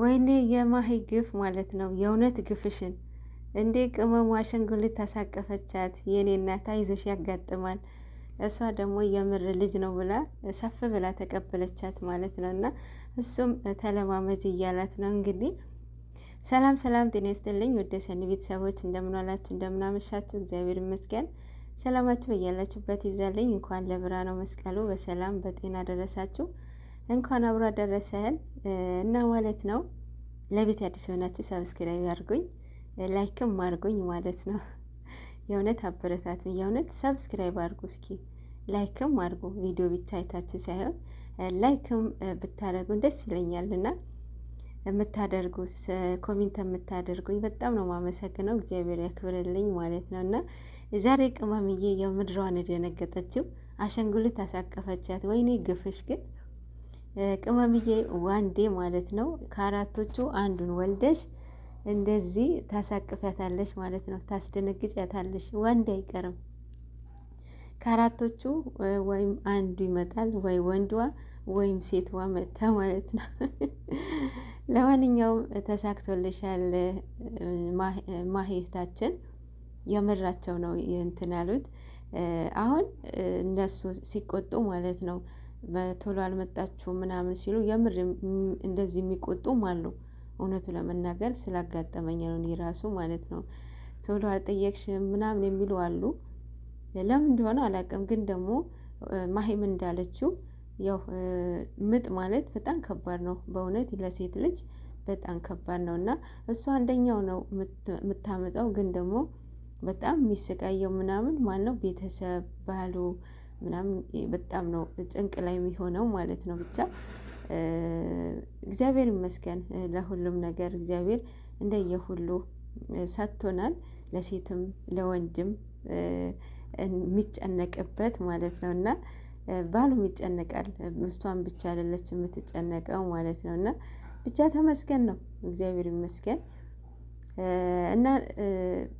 ወይኔ የማሂ ግፍ ማለት ነው። የእውነት ግፍሽን እንዴ! ቅመሟ አሸንጉሊት ታሳቀፈቻት። የኔ እናት አይዞሽ ያጋጥማል። እሷ ደግሞ የምር ልጅ ነው ብላ ሰፍ ብላ ተቀበለቻት ማለት ነው። እና እሱም ተለማመጅ እያላት ነው እንግዲህ። ሰላም ሰላም፣ ጤና ይስጥልኝ ወደ ቤተሰቦች እንደምናላችሁ እንደምናመሻችሁ፣ እግዚአብሔር ይመስገን። ሰላማችሁ በያላችሁበት ይብዛልኝ። እንኳን ለብርሃነ መስቀሉ በሰላም በጤና ደረሳችሁ። እንኳን አብሮ አደረሰን እና ማለት ነው። ለቤት አዲስ የሆናችሁ ሰብስክራይብ አድርጉኝ፣ ላይክም አድርጉኝ ማለት ነው። የእውነት አበረታት የእውነት ሰብስክራይብ አድርጉ እስኪ ላይክም አድርጉ። ቪዲዮ ብቻ አይታችሁ ሳይሆን ላይክም ብታደርጉን ደስ ይለኛል እና የምታደርጉ ኮሜንት የምታደርጉኝ በጣም ነው ማመሰግነው። እግዚአብሔር ያክብርልኝ ማለት ነው እና ዛሬ ቅመምዬ የምድሯን የደነገጠችው አሸንጉሊት አሳቀፈቻት። ወይኔ ግፍሽ ግን ቅመምዬ ዋንዴ ማለት ነው። ከአራቶቹ አንዱን ወልደሽ እንደዚህ ታሳቅፊያታለሽ ማለት ነው። ታስደነግጫታለሽ። ዋንዴ አይቀርም። ከአራቶቹ ወይም አንዱ ይመጣል፣ ወይ ወንዷ ወይም ሴትዋ መታ ማለት ነው። ለማንኛውም ተሳክቶልሻል ማሄታችን። የምራቸው ነው እንትን ያሉት አሁን እነሱ ሲቆጡ ማለት ነው። በቶሎ አልመጣችሁ ምናምን ሲሉ የምር እንደዚህ የሚቆጡም አሉ። እውነቱ ለመናገር ስላጋጠመኝ ነው እኔ ራሱ ማለት ነው። ቶሎ አልጠየቅሽም ምናምን የሚሉ አሉ። ለምን እንደሆነ አላውቅም። ግን ደግሞ ማሂም እንዳለችው ያው ምጥ ማለት በጣም ከባድ ነው። በእውነት ለሴት ልጅ በጣም ከባድ ነው እና እሱ አንደኛው ነው የምታመጣው ግን ደግሞ በጣም የሚሰቃየው ምናምን ማን ነው ቤተሰብ ባሉ ምናምን በጣም ነው ጭንቅ ላይ የሚሆነው ማለት ነው። ብቻ እግዚአብሔር ይመስገን ለሁሉም ነገር እግዚአብሔር እንደየሁሉ ሰጥቶናል። ለሴትም ለወንድም የሚጨነቅበት ማለት ነው እና ባሉም ይጨነቃል። ምስቷን ብቻ አይደለች የምትጨነቀው ማለት ነው እና ብቻ ተመስገን ነው እግዚአብሔር ይመስገን እና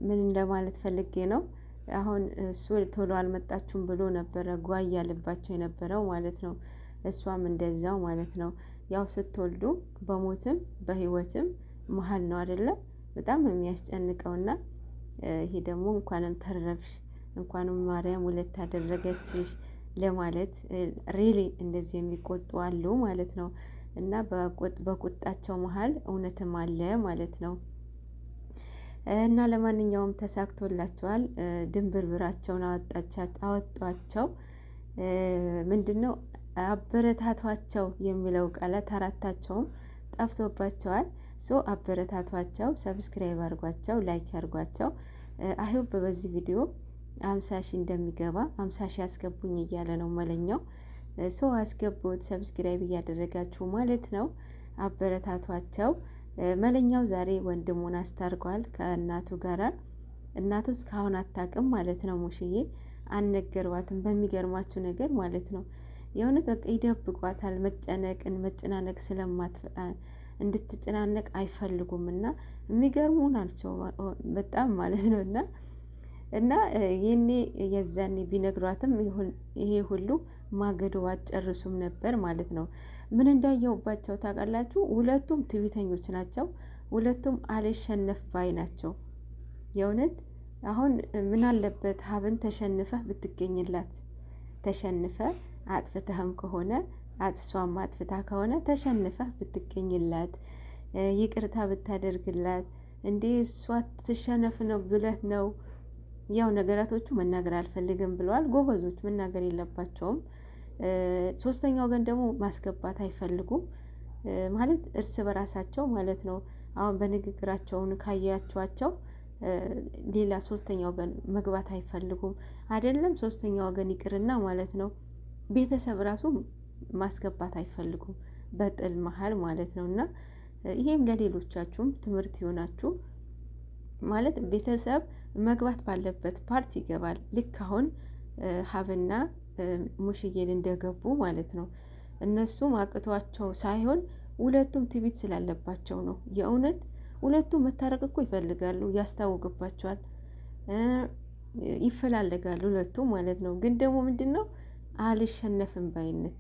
ምን እንደማለት ፈልጌ ነው አሁን እሱ ቶሎ አልመጣችሁም ብሎ ነበረ ጓ እያለባቸው የነበረው ማለት ነው። እሷም እንደዛው ማለት ነው። ያው ስትወልዱ በሞትም በህይወትም መሀል ነው አይደለም። በጣም ነው የሚያስጨንቀውና ይሄ ደግሞ እንኳንም ተረፍሽ እንኳንም ማርያም ሁለት አደረገችሽ ለማለት ሪሊ እንደዚህ የሚቆጡ አሉ ማለት ነው። እና በቁጣቸው መሀል እውነትም አለ ማለት ነው። እና ለማንኛውም ተሳክቶላቸዋል። ድንብርብራቸውን አወጧቸው። ምንድን ነው አበረታቷቸው የሚለው ቃላት አራታቸውም ጠፍቶባቸዋል። ሶ አበረታቷቸው፣ ሰብስክራይብ አድርጓቸው፣ ላይክ አርጓቸው አይሁብ በዚህ ቪዲዮ አምሳ ሺ እንደሚገባ አምሳ ሺ አስገቡኝ እያለ ነው መለኛው። ሶ አስገቡት፣ ሰብስክራይብ እያደረጋችሁ ማለት ነው። አበረታቷቸው። መለኛው ዛሬ ወንድሙን አስታርቋል ከእናቱ ጋር እናቱ እስካሁን አታውቅም ማለት ነው። ሙሽዬ አልነገሯትም። በሚገርማችሁ ነገር ማለት ነው የእውነት በቃ ይደብቋታል። መጨነቅን መጨናነቅ ስለማት እንድትጨናነቅ አይፈልጉም እና የሚገርሙ ናቸው በጣም ማለት ነው እና እና ይህኔ የዛኔ ቢነግሯትም ይሄ ሁሉ ማገዶ አጨርሱም ነበር ማለት ነው። ምን እንዳየሁባቸው ታውቃላችሁ? ሁለቱም ትዕቢተኞች ናቸው። ሁለቱም አልሸነፍ ባይ ናቸው። የእውነት አሁን ምን አለበት ሀብን ተሸንፈህ ብትገኝላት፣ ተሸንፈ አጥፍተህም ከሆነ አጥሷም አጥፍታ ከሆነ ተሸንፈህ ብትገኝላት፣ ይቅርታ ብታደርግላት እንዴ እሷ ትሸነፍ ነው ብለህ ነው ያው ነገራቶቹ መናገር አልፈልግም ብለዋል። ጎበዞች መናገር የለባቸውም። ሶስተኛ ወገን ደግሞ ማስገባት አይፈልጉም ማለት እርስ በራሳቸው ማለት ነው። አሁን በንግግራቸውን ካያችኋቸው ሌላ ሶስተኛ ወገን መግባት አይፈልጉም። አይደለም ሶስተኛ ወገን ይቅርና ማለት ነው ቤተሰብ ራሱ ማስገባት አይፈልጉም በጥል መሀል ማለት ነው። እና ይሄም ለሌሎቻችሁም ትምህርት ይሆናችሁ ማለት ቤተሰብ መግባት ባለበት ፓርት ይገባል። ልክ አሁን ሀብና ሙሽዬን እንደገቡ ማለት ነው። እነሱም አቅቷቸው ሳይሆን ሁለቱም ትቢት ስላለባቸው ነው። የእውነት ሁለቱም መታረቅ እኮ ይፈልጋሉ፣ ያስታውቅባቸዋል፣ ይፈላለጋሉ ሁለቱም ማለት ነው። ግን ደግሞ ምንድን ነው አልሸነፍም ባይነት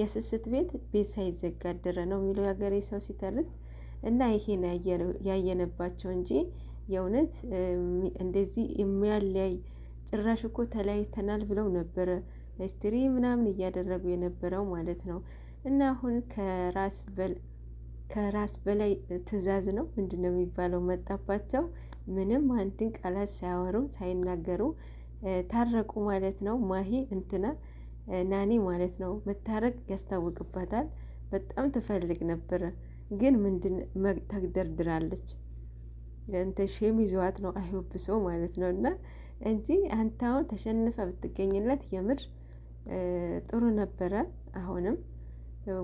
የስስት ቤት ቤት ሳይዘጋደረ ነው የሚለው የሀገሬ ሰው ሲተርት እና ይሄን ያየነባቸው እንጂ የእውነት እንደዚህ የሚያለያይ ጭራሽ እኮ ተለያይተናል ብለው ነበረ ስትሪ ምናምን እያደረጉ የነበረው ማለት ነው። እና አሁን ከራስ በላይ ትዕዛዝ ነው ምንድን ነው የሚባለው መጣባቸው። ምንም አንድን ቃላት ሳያወሩ ሳይናገሩ ታረቁ ማለት ነው። ማሂ እንትና ናኒ ማለት ነው መታረቅ ያስታውቅባታል። በጣም ትፈልግ ነበረ ግን ምንድን ተግደርድራለች። እንትን ሼም ይዘዋት ነው አይወብሶ ማለት ነው። እና እንጂ አንተ አሁን ተሸንፈ ብትገኝለት የምር ጥሩ ነበረ። አሁንም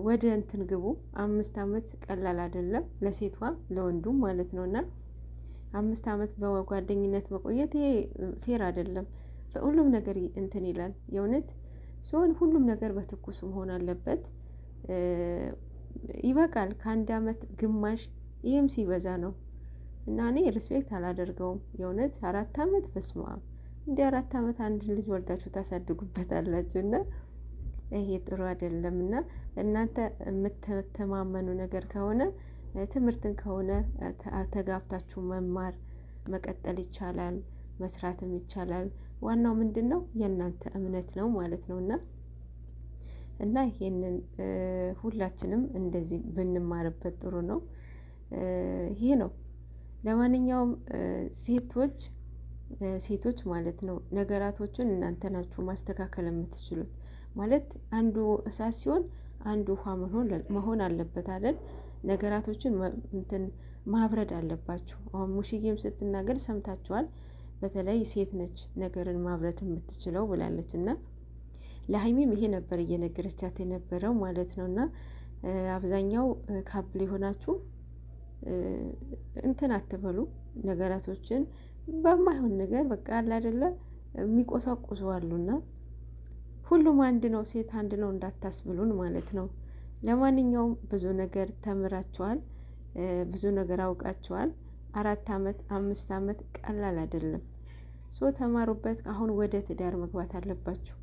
ወደ እንትን ግቡ። አምስት ዓመት ቀላል አይደለም ለሴቷ ለወንዱም ማለት ነው። እና አምስት ዓመት በጓደኝነት መቆየት ይሄ ፌር አይደለም። ሁሉም ነገር እንትን ይላል የእውነት ሲሆን ሁሉም ነገር በትኩስ መሆን አለበት። ይበቃል። ከአንድ ዓመት ግማሽ ይህም ሲበዛ ነው። እና እኔ ሪስፔክት አላደርገውም። የእውነት አራት ዓመት በስማ እንዲ አራት ዓመት አንድ ልጅ ወልዳችሁ ታሳድጉበታላችሁ እና ይሄ ጥሩ አይደለም። እና እናንተ የምትተማመኑ ነገር ከሆነ ትምህርትን ከሆነ ተጋብታችሁ መማር መቀጠል ይቻላል፣ መስራትም ይቻላል። ዋናው ምንድን ነው የእናንተ እምነት ነው ማለት ነው እና እና ይሄንን ሁላችንም እንደዚህ ብንማርበት ጥሩ ነው። ይሄ ነው ለማንኛውም ሴቶች ሴቶች ማለት ነው ነገራቶችን እናንተ ናችሁ ማስተካከል የምትችሉት። ማለት አንዱ እሳት ሲሆን አንዱ ውሃ መሆን አለበት አይደል? ነገራቶችን እንትን ማብረድ አለባችሁ። አሁን ሙሽዬም ስትናገር ሰምታችኋል። በተለይ ሴት ነች ነገርን ማብረድ የምትችለው ብላለች እና ለሀይሚም ይሄ ነበር እየነገረቻት የነበረው ማለት ነው እና አብዛኛው ካፕል የሆናችሁ እንትን አትበሉ። ነገራቶችን በማይሆን ነገር በቃ አለ አይደለ የሚቆሳቁሱ አሉና ሁሉም አንድ ነው፣ ሴት አንድ ነው እንዳታስብሉን ማለት ነው። ለማንኛውም ብዙ ነገር ተምራችኋል፣ ብዙ ነገር አውቃችኋል። አራት አመት አምስት አመት ቀላል አይደለም። ሶ ተማሩበት። አሁን ወደ ትዳር መግባት አለባችሁ።